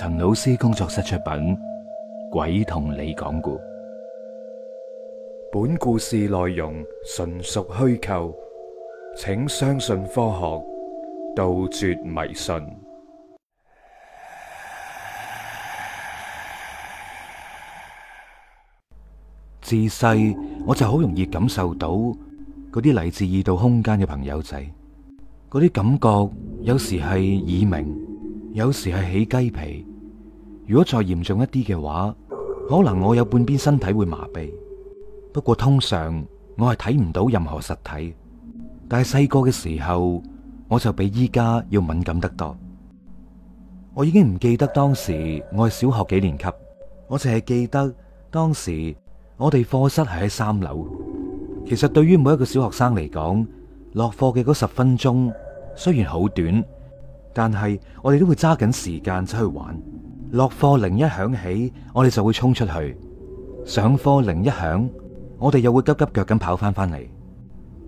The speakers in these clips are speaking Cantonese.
陳老師工作室出品《鬼同你講故》，本故事內容純屬虛構，請相信科學，杜絕迷信。自細我就好容易感受到嗰啲嚟自異度空間嘅朋友仔，嗰啲感覺有時係耳鳴，有時係起雞皮。如果再嚴重一啲嘅話，可能我有半邊身體會麻痹。不過通常我係睇唔到任何實體。但係細個嘅時候，我就比依家要敏感得多。我已經唔記得當時我係小學幾年級，我淨係記得當時我哋課室係喺三樓。其實對於每一個小學生嚟講，落課嘅嗰十分鐘雖然好短，但係我哋都會揸緊時間出去玩。落課鈴一響起，我哋就會衝出去；上課鈴一響，我哋又會急急腳咁跑翻翻嚟。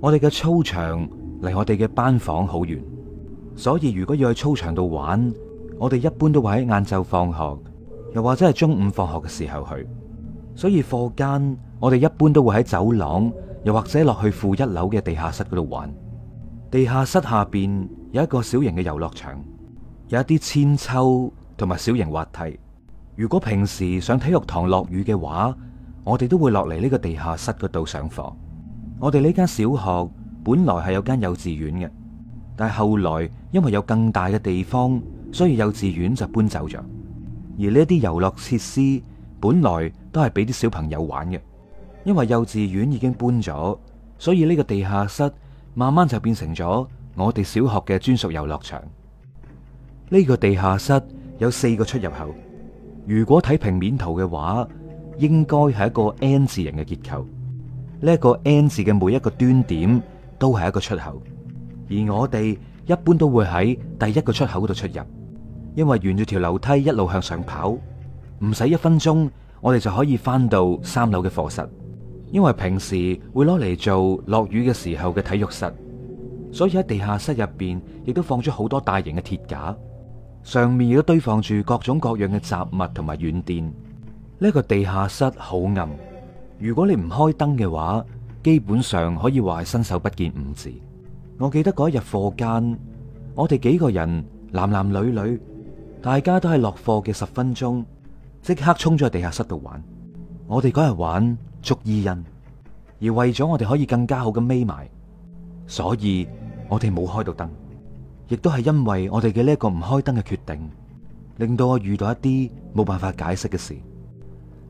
我哋嘅操場離我哋嘅班房好遠，所以如果要去操場度玩，我哋一般都會喺晏晝放學，又或者係中午放學嘅時候去。所以課間，我哋一般都會喺走廊，又或者落去負一樓嘅地下室嗰度玩。地下室下邊有一個小型嘅遊樂場，有一啲千秋。同埋小型滑梯。如果平時上體育堂落雨嘅話，我哋都會落嚟呢個地下室嗰度上課。我哋呢間小學本來係有間幼稚園嘅，但係後來因為有更大嘅地方，所以幼稚園就搬走咗。而呢啲遊樂設施本來都係俾啲小朋友玩嘅，因為幼稚園已經搬咗，所以呢個地下室慢慢就變成咗我哋小學嘅專屬遊樂場。呢個地下室。有四個出入口。如果睇平面圖嘅話，應該係一個 N 字型嘅結構。呢一個 N 字嘅每一個端點都係一個出口。而我哋一般都會喺第一個出口度出入，因為沿住條樓梯一路向上跑，唔使一分鐘，我哋就可以翻到三樓嘅課室。因為平時會攞嚟做落雨嘅時候嘅體育室，所以喺地下室入邊亦都放咗好多大型嘅鐵架。上面亦都堆放住各種各樣嘅雜物同埋軟墊，呢一個地下室好暗。如果你唔開燈嘅話，基本上可以話係伸手不見五指。我記得嗰一日課間，我哋幾個人男男女女，大家都係落課嘅十分鐘，即刻沖咗去地下室度玩。我哋嗰日玩捉伊人，而為咗我哋可以更加好咁匿埋，所以我哋冇開到燈。亦都係因為我哋嘅呢個唔開燈嘅決定，令到我遇到一啲冇辦法解釋嘅事。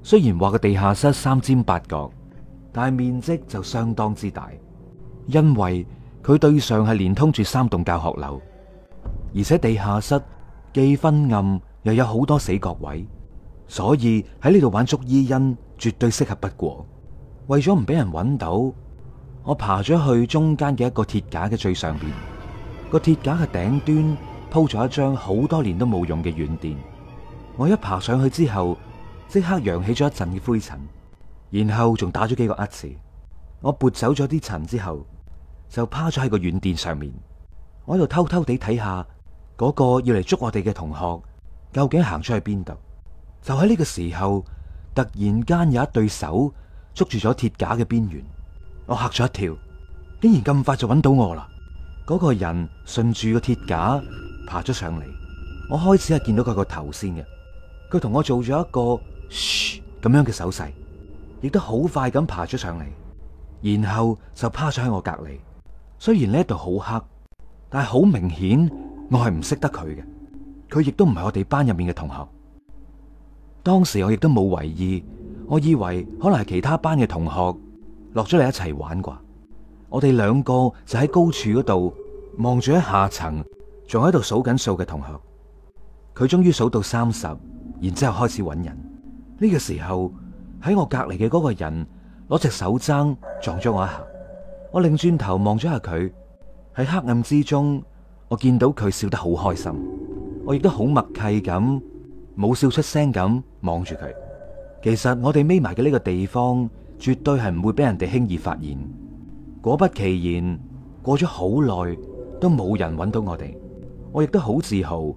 雖然話個地下室三尖八角，但係面積就相當之大，因為佢對上係連通住三棟教學樓，而且地下室既昏暗又有好多死角位，所以喺呢度玩捉伊因絕對適合不過。為咗唔俾人揾到，我爬咗去中間嘅一個鐵架嘅最上面。個鐵架嘅頂端鋪咗一張好多年都冇用嘅軟墊，我一爬上去之後，即刻揚起咗一陣嘅灰塵，然後仲打咗幾個乞嗤。我撥走咗啲塵之後，就趴咗喺個軟墊上面，我喺度偷偷地睇下嗰個要嚟捉我哋嘅同學究竟行出去邊度。就喺呢個時候，突然間有一對手捉住咗鐵架嘅邊緣，我吓咗一跳，竟然咁快就揾到我啦！嗰個人順住個鐵架爬咗上嚟，我開始係見到佢個頭先嘅。佢同我做咗一個噓咁樣嘅手勢，亦都好快咁爬咗上嚟，然後就趴咗喺我隔籬。雖然呢度好黑，但係好明顯我係唔識得佢嘅。佢亦都唔係我哋班入面嘅同學。當時我亦都冇懷疑，我以為可能係其他班嘅同學落咗嚟一齊玩啩。我哋兩個就喺高處嗰度望住喺下層，仲喺度數緊數嘅同學，佢終於數到三十，然之後開始揾人。呢個時候喺我隔籬嘅嗰個人攞隻手踭撞咗我一下，我擰轉頭望咗下佢，喺黑暗之中，我見到佢笑得好開心，我亦都好默契咁冇笑出聲咁望住佢。其實我哋眯埋嘅呢個地方絕對係唔會俾人哋輕易發現。果不其然，過咗好耐都冇人揾到我哋。我亦都好自豪，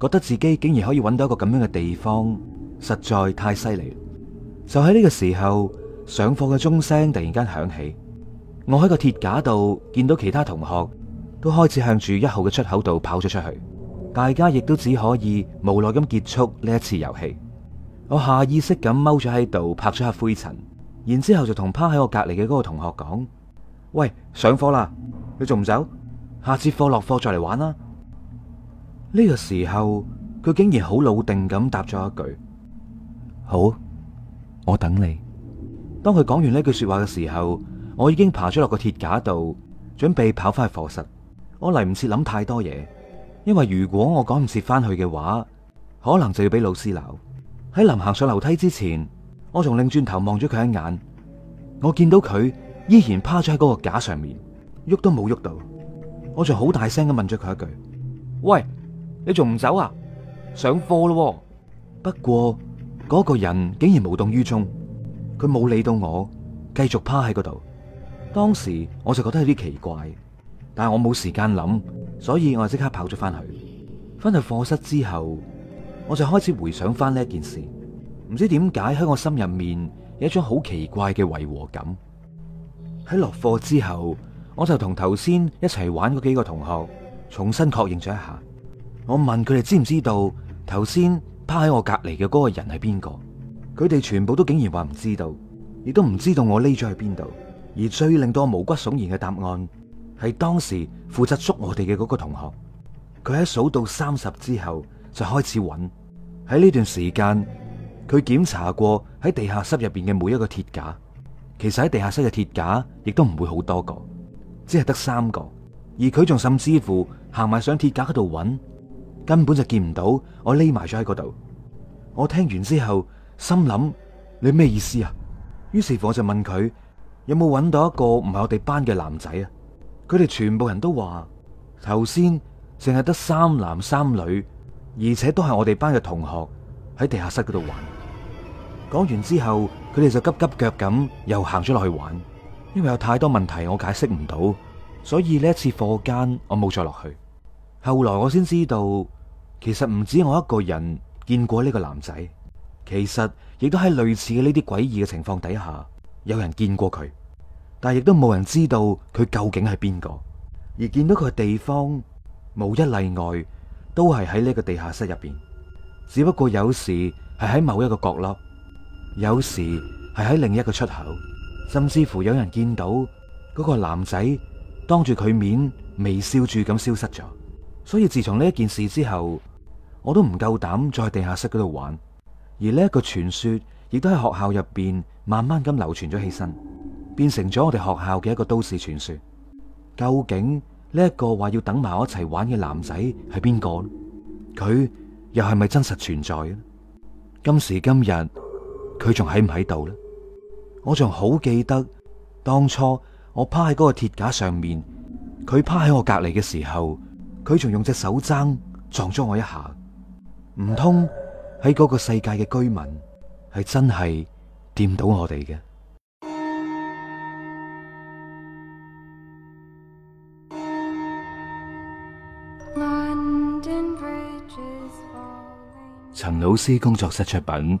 覺得自己竟然可以揾到一個咁樣嘅地方，實在太犀利。就喺呢個時候，上課嘅鐘聲突然間響起。我喺個鐵架度見到其他同學都開始向住一號嘅出口度跑咗出去，大家亦都只可以無奈咁結束呢一次遊戲。我下意識咁踎咗喺度，拍咗下灰塵，然之後就同趴喺我隔籬嘅嗰個同學講。喂，上課啦！你仲唔走？下次課落課再嚟玩啦。呢個時候，佢竟然好老定咁答咗一句：好，我等你。當佢講完呢句說話嘅時候，我已經爬出落個鐵架度，準備跑翻去課室。我嚟唔切諗太多嘢，因為如果我趕唔切翻去嘅話，可能就要俾老師鬧。喺臨行上樓梯之前，我仲擰轉頭望咗佢一眼，我見到佢。依然趴咗喺嗰個架上面，喐都冇喐到。我就好大聲咁問咗佢一句，喂，你仲唔走啊？上課咯喎。不過嗰個人竟然無動於衷，佢冇理到我，繼續趴喺嗰度。當時我就覺得有啲奇怪，但係我冇時間諗，所以我就即刻跑咗翻去。翻到課室之後，我就開始回想翻呢一件事，唔知點解喺我心入面有一種好奇怪嘅違和感。喺落課之後，我就同頭先一齊玩嗰幾個同學重新確認咗一下。我問佢哋知唔知道頭先趴喺我隔籬嘅嗰個人係邊個？佢哋全部都竟然話唔知道，亦都唔知道我匿咗喺邊度。而最令到我毛骨悚然嘅答案係當時負責捉我哋嘅嗰個同學，佢喺數到三十之後就開始揾。喺呢段時間，佢檢查過喺地下室入邊嘅每一個鐵架。其實喺地下室嘅鐵架亦都唔會好多個，只係得三個，而佢仲甚至乎行埋上鐵架嗰度揾，根本就見唔到我匿埋咗喺嗰度。我聽完之後心諗，你咩意思啊？於是我就問佢有冇揾到一個唔係我哋班嘅男仔啊？佢哋全部人都話頭先淨係得三男三女，而且都係我哋班嘅同學喺地下室嗰度玩。講完之後，佢哋就急急腳咁又行咗落去玩。因為有太多問題我解釋唔到，所以呢一次課間我冇再落去。後來我先知道，其實唔止我一個人見過呢個男仔，其實亦都喺類似嘅呢啲詭異嘅情況底下，有人見過佢，但亦都冇人知道佢究竟係邊個。而見到佢嘅地方，無一例外都係喺呢個地下室入邊。只不過有時係喺某一個角落。有時係喺另一個出口，甚至乎有人見到嗰、那個男仔當住佢面微笑住咁消失咗。所以自從呢一件事之後，我都唔夠膽再喺地下室嗰度玩。而呢一個傳說亦都喺學校入邊慢慢咁流傳咗起身，變成咗我哋學校嘅一個都市傳說。究竟呢一、這個話要等埋我一齊玩嘅男仔係邊個？佢又係咪真實存在呢？今時今日。佢仲喺唔喺度呢？我仲好記得當初我趴喺嗰個鐵架上面，佢趴喺我隔籬嘅時候，佢仲用隻手踭撞咗我一下。唔通，喺嗰個世界嘅居民係真係掂到我哋嘅？陳老師工作室出品。